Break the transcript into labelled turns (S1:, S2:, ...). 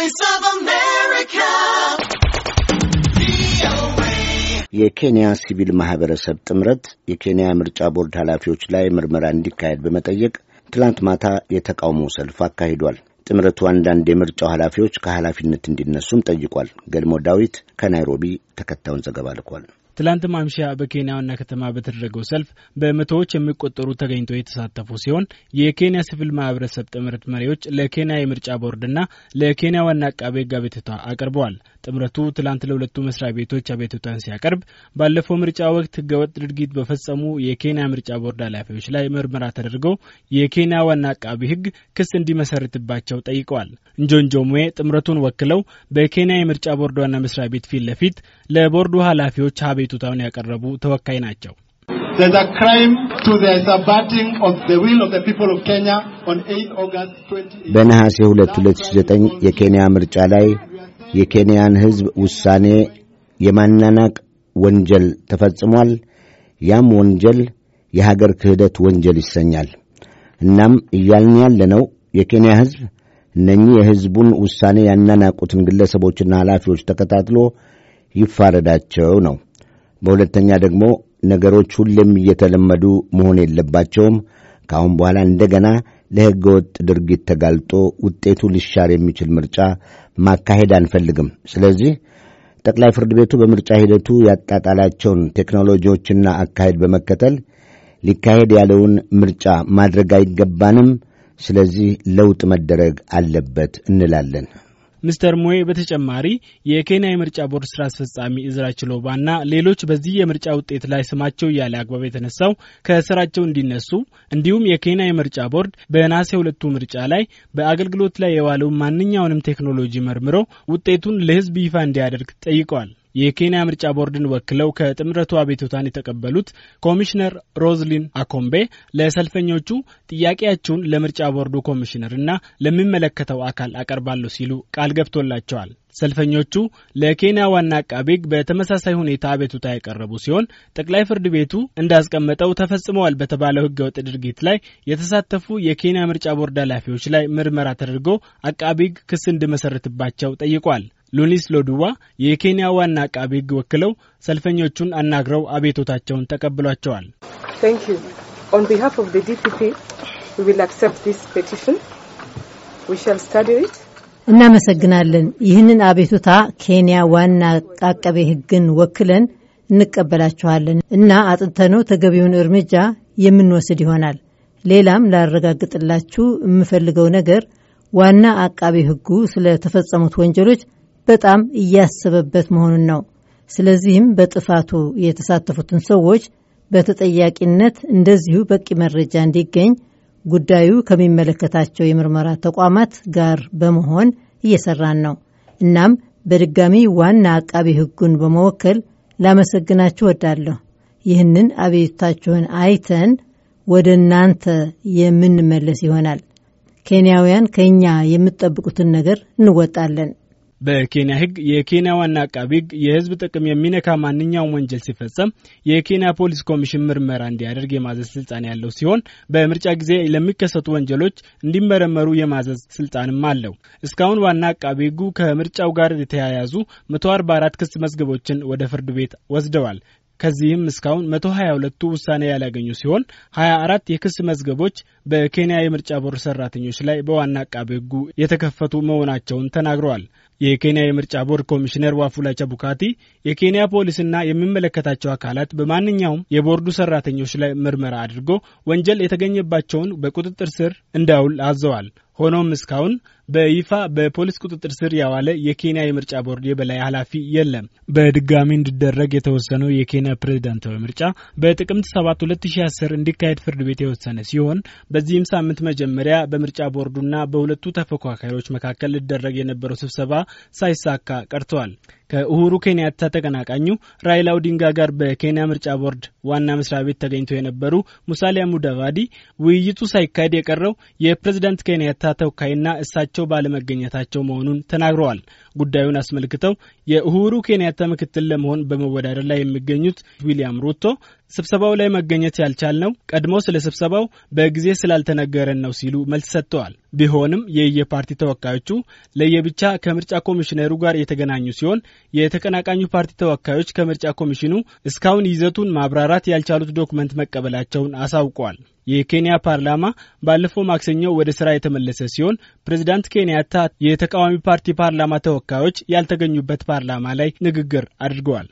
S1: Voice of America.
S2: የኬንያ ሲቪል ማህበረሰብ ጥምረት የኬንያ ምርጫ ቦርድ ኃላፊዎች ላይ ምርመራ እንዲካሄድ በመጠየቅ ትላንት ማታ የተቃውሞ ሰልፍ አካሂዷል። ጥምረቱ አንዳንድ የምርጫው ኃላፊዎች ከኃላፊነት እንዲነሱም ጠይቋል። ገልሞ ዳዊት ከናይሮቢ ተከታዩን ዘገባ ልኳል።
S1: ትላንት ማምሻ በኬንያ ዋና ከተማ በተደረገው ሰልፍ በመቶዎች የሚቆጠሩ ተገኝተው የተሳተፉ ሲሆን የኬንያ ሲቪል ማህበረሰብ ጥምረት መሪዎች ለኬንያ የምርጫ ቦርድና ለኬንያ ዋና አቃቤ ሕግ አቤቱታ አቅርበዋል። ጥምረቱ ትላንት ለሁለቱ መስሪያ ቤቶች አቤቱታን ሲያቀርብ ባለፈው ምርጫ ወቅት ህገወጥ ድርጊት በፈጸሙ የኬንያ ምርጫ ቦርድ ኃላፊዎች ላይ ምርመራ ተደርገው የኬንያ ዋና አቃቢ ሕግ ክስ እንዲመሰርትባቸው ጠይቀዋል። እንጆንጆሙዌ ጥምረቱን ወክለው በኬንያ የምርጫ ቦርድ ዋና መስሪያ ቤት ፊት ለፊት ለቦርዱ ኃላፊዎች አቤቱ አቤቱታውን ያቀረቡ ተወካይ ናቸው።
S2: በነሐሴ 2 2009 የኬንያ ምርጫ ላይ የኬንያን ሕዝብ ውሳኔ የማናናቅ ወንጀል ተፈጽሟል። ያም ወንጀል የሀገር ክህደት ወንጀል ይሰኛል። እናም እያልን ያለነው የኬንያ ሕዝብ እነኚህ የሕዝቡን ውሳኔ ያናናቁትን ግለሰቦችና ኃላፊዎች ተከታትሎ ይፋረዳቸው ነው። በሁለተኛ ደግሞ ነገሮች ሁሌም እየተለመዱ መሆን የለባቸውም። ከአሁን በኋላ እንደገና ለሕገ ወጥ ድርጊት ተጋልጦ ውጤቱ ሊሻር የሚችል ምርጫ ማካሄድ አንፈልግም። ስለዚህ ጠቅላይ ፍርድ ቤቱ በምርጫ ሂደቱ ያጣጣላቸውን ቴክኖሎጂዎችና አካሄድ በመከተል ሊካሄድ ያለውን ምርጫ ማድረግ አይገባንም። ስለዚህ ለውጥ መደረግ አለበት እንላለን።
S1: ሚስተር ሞዌ በተጨማሪ የኬንያ የምርጫ ቦርድ ስራ አስፈጻሚ እዝራ እና ሌሎች በዚህ የምርጫ ውጤት ላይ ስማቸው ያለ አግባብ የተነሳው ከስራቸው እንዲነሱ እንዲሁም የኬንያ የምርጫ ቦርድ በናሴ ሁለቱ ምርጫ ላይ በአገልግሎት ላይ የዋለውን ማንኛውንም ቴክኖሎጂ መርምሮ ውጤቱን ለህዝብ ይፋ እንዲያደርግ ጠይቀዋል። የኬንያ ምርጫ ቦርድን ወክለው ከጥምረቱ አቤቱታን የተቀበሉት ኮሚሽነር ሮዝሊን አኮምቤ ለሰልፈኞቹ ጥያቄያቸውን ለምርጫ ቦርዱ ኮሚሽነር እና ለሚመለከተው አካል አቀርባለሁ ሲሉ ቃል ገብቶላቸዋል። ሰልፈኞቹ ለኬንያ ዋና አቃቤ ሕግ በተመሳሳይ ሁኔታ አቤቱታ ያቀረቡ ሲሆን ጠቅላይ ፍርድ ቤቱ እንዳስቀመጠው ተፈጽመዋል በተባለው ሕገወጥ ድርጊት ላይ የተሳተፉ የኬንያ ምርጫ ቦርድ ኃላፊዎች ላይ ምርመራ ተደርጎ አቃቤ ሕግ ክስ እንዲመሰርትባቸው ጠይቋል። ሉሊስ ሎዱዋ የኬንያ ዋና አቃቢ ህግ ወክለው ሰልፈኞቹን አናግረው አቤቶታቸውን ተቀብሏቸዋል።
S3: እናመሰግናለን። ይህንን አቤቱታ ኬንያ ዋና አቃቤ ህግን ወክለን እንቀበላችኋለን እና አጥንተነው ተገቢውን እርምጃ የምንወስድ ይሆናል። ሌላም ላረጋግጥላችሁ የምፈልገው ነገር ዋና አቃቤ ስለ ተፈጸሙት ወንጀሎች በጣም እያሰበበት መሆኑን ነው። ስለዚህም በጥፋቱ የተሳተፉትን ሰዎች በተጠያቂነት እንደዚሁ በቂ መረጃ እንዲገኝ ጉዳዩ ከሚመለከታቸው የምርመራ ተቋማት ጋር በመሆን እየሰራን ነው። እናም በድጋሚ ዋና አቃቢ ሕጉን በመወከል ላመሰግናችሁ ወዳለሁ። ይህንን አቤቱታችሁን አይተን ወደ እናንተ የምንመለስ ይሆናል። ኬንያውያን ከእኛ የምትጠብቁትን ነገር እንወጣለን።
S1: በኬንያ ህግ የኬንያ ዋና አቃቢ ህግ የህዝብ ጥቅም የሚነካ ማንኛውም ወንጀል ሲፈጸም የኬንያ ፖሊስ ኮሚሽን ምርመራ እንዲያደርግ የማዘዝ ስልጣን ያለው ሲሆን በምርጫ ጊዜ ለሚከሰቱ ወንጀሎች እንዲመረመሩ የማዘዝ ስልጣንም አለው። እስካሁን ዋና አቃቢ ህጉ ከምርጫው ጋር የተያያዙ 144 ክስ መዝገቦችን ወደ ፍርድ ቤት ወስደዋል። ከዚህም እስካሁን 122ቱ ውሳኔ ያላገኙ ሲሆን 24 የክስ መዝገቦች በኬንያ የምርጫ ቦርድ ሰራተኞች ላይ በዋና አቃቤ ሕጉ የተከፈቱ መሆናቸውን ተናግረዋል። የኬንያ የምርጫ ቦርድ ኮሚሽነር ዋፉላ ቻቡካቲ የኬንያ ፖሊስና የሚመለከታቸው አካላት በማንኛውም የቦርዱ ሰራተኞች ላይ ምርመራ አድርጎ ወንጀል የተገኘባቸውን በቁጥጥር ስር እንዳውል አዘዋል። ሆኖም እስካሁን በይፋ በፖሊስ ቁጥጥር ስር ያዋለ የኬንያ የምርጫ ቦርድ የበላይ ኃላፊ የለም። በድጋሚ እንዲደረግ የተወሰነው የኬንያ ፕሬዚዳንታዊ ምርጫ በጥቅምት 7 2010 እንዲካሄድ ፍርድ ቤት የወሰነ ሲሆን በዚህም ሳምንት መጀመሪያ በምርጫ ቦርዱና በሁለቱ ተፎካካሪዎች መካከል ሊደረግ የነበረው ስብሰባ ሳይሳካ ቀርተዋል። ከኡሁሩ ኬንያታ ተቀናቃኙ ራይላ ኦዲንጋ ጋር በኬንያ ምርጫ ቦርድ ዋና መስሪያ ቤት ተገኝተው የነበሩ ሙሳሊያ ሙዳቫዲ ውይይቱ ሳይካሄድ የቀረው የፕሬዝዳንት ኬንያታ ተወካይና እሳቸው ባለመገኘታቸው መሆኑን ተናግረዋል። ጉዳዩን አስመልክተው የእሁሩ ኬንያታ ምክትል ለመሆን በመወዳደር ላይ የሚገኙት ዊሊያም ሩቶ ስብሰባው ላይ መገኘት ያልቻልነው ቀድሞ ስለ ስብሰባው በጊዜ ስላልተነገረን ነው ሲሉ መልስ ሰጥተዋል። ቢሆንም የየፓርቲ ተወካዮቹ ለየብቻ ከምርጫ ኮሚሽነሩ ጋር የተገናኙ ሲሆን የተቀናቃኙ ፓርቲ ተወካዮች ከምርጫ ኮሚሽኑ እስካሁን ይዘቱን ማብራራት ያልቻሉት ዶክመንት መቀበላቸውን አሳውቋል። የኬንያ ፓርላማ ባለፈው ማክሰኞ ወደ ስራ የተመለሰ ሲሆን ፕሬዚዳንት ኬንያታ የተቃዋሚ ፓርቲ ፓርላማ ተወካ ተወካዮች ያልተገኙበት ፓርላማ ላይ ንግግር አድርገዋል።